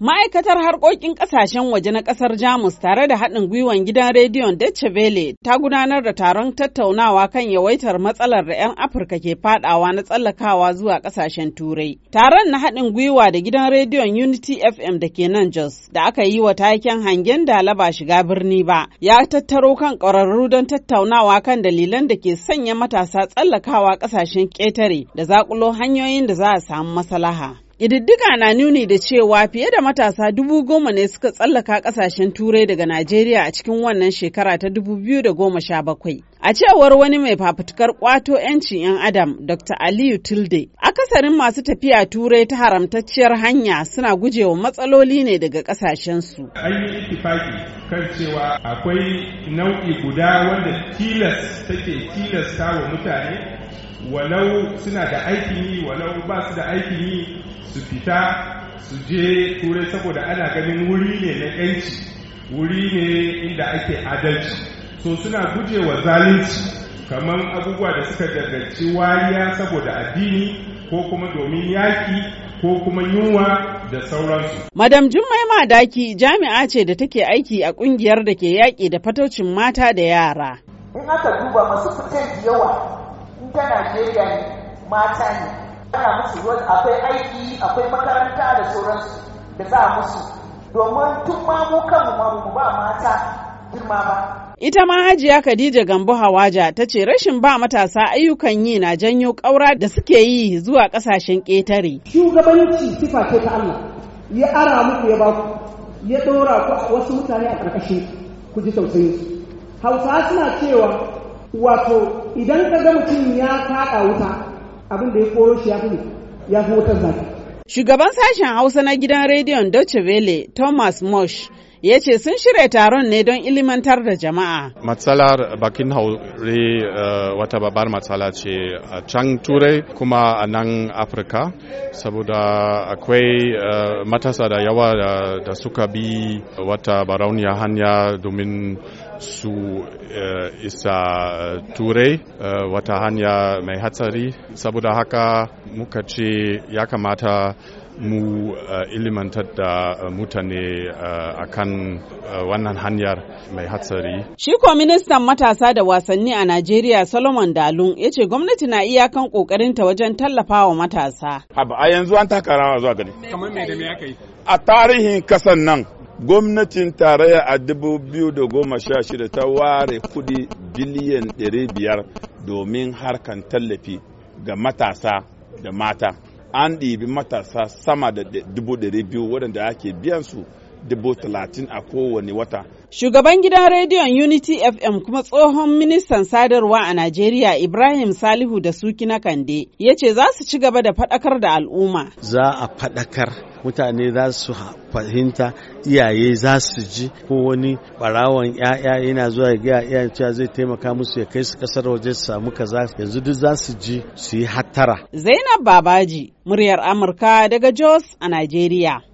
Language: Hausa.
Ma'aikatar harkokin kasashen waje na kasar Jamus tare da haɗin gwiwan gidan rediyon Deutsche Welle ta gudanar da taron tattaunawa kan yawaitar matsalar da 'yan Afirka ke fadawa na tsallakawa zuwa kasashen Turai. Taron na haɗin gwiwa da gidan rediyon Unity FM da ke nan Jos da aka yi wa taken hangen dala ba shiga birni ba ya tattaro kan ƙwararru don tattaunawa kan dalilan da ke sanya matasa tsallakawa kasashen ƙetare da zaƙulo hanyoyin da za a samu maslaha. Ƙididdiga na nuni da cewa fiye da matasa dubu goma ne suka tsallaka ƙasashen turai daga Najeriya a cikin wannan shekara ta dubu biyu da goma sha bakwai. A cewar wani mai fafutukar kwato 'yancin 'yan Adam, Dr. Aliyu Tilde, akasarin masu tafiya turai ta haramtacciyar hanya suna gujewa matsaloli ne daga ƙasashensu. An yi itifaki kan cewa akwai nau'i guda wanda tilas take tilasta wa mutane walau suna da aikin yi walau ba su da aikin yi su fita su je turai saboda ana ganin wuri ne na yanci wuri ne inda ake adalci so suna guje wa zalunci kamar abubuwa da suka danganci wariya saboda addini ko kuma domin yaki ko kuma yunwa da sauransu. Madam Jummai Madaki jami'a ce da take aiki a kungiyar da ke yaƙi da fatocin mata da yara. In aka duba masu fitar yawa in tana Najeriya mata ne ana musu akwai aiki akwai makaranta da sauransu da za musu domin tun ma mu kanmu ma mu ba mata girma ba. Ita ma Hajiya Khadija Gambo Hawaja ta ce rashin ba matasa ayyukan yi na janyo ƙaura da suke yi zuwa ƙasashen ƙetare. Shugabanci sifa ce ta Allah ya ara muku ya ba ku ya ɗora ku wasu mutane a ƙarƙashi ku ji tausayin Hausa suna cewa wato idan ka ga mutum ya kaɗa wuta abin da ya koro shi ya fi wutar zafi. Shugaban sashen Hausa na gidan rediyon Deutsche Welle, Thomas Mosch, ya ce sun shirya taron ne don ilimantar da jama'a. Matsalar bakin hauri eh, wata babbar matsala ce a can turai kuma a nan Afirka saboda akwai eh, matasa da yawa da suka bi wata barauniya hanya domin su eh, isa turai wata hanya mai hatsari saboda haka muka ce ya kamata mu eh, ilimantar da eh, mutane eh, kan wannan hanyar mai hatsari. Shi ko ministan matasa da wasanni a Najeriya Solomon Dalun ya ce gwamnati na iyakan kokarinta wajen tallafawa matasa. A yanzu an taka rawa zuwa gani. Kamar me da me aka yi? A tarihin kasan nan gwamnatin tarayya a 2016 ta ware kudi biliyan 500 domin harkan tallafi ga matasa da mata. an ɗibi matasa sama da dubu ɗari biyu waɗanda ake biyan su kowane wata. Shugaban gidan rediyon Unity FM kuma tsohon ministan sadarwa a Najeriya Ibrahim Salihu da suki na Kande ya ce za su ci gaba da faɗakar da al'umma. Za a faɗakar mutane za su fahimta iyaye za su ji ko wani barawan ya'ya yana zuwa ga iyayen cewa zai taimaka musu ya kai su kasar waje su samu kaza yanzu duk za su ji su yi hattara. Zainab Babaji, muryar Amurka daga Jos a Najeriya.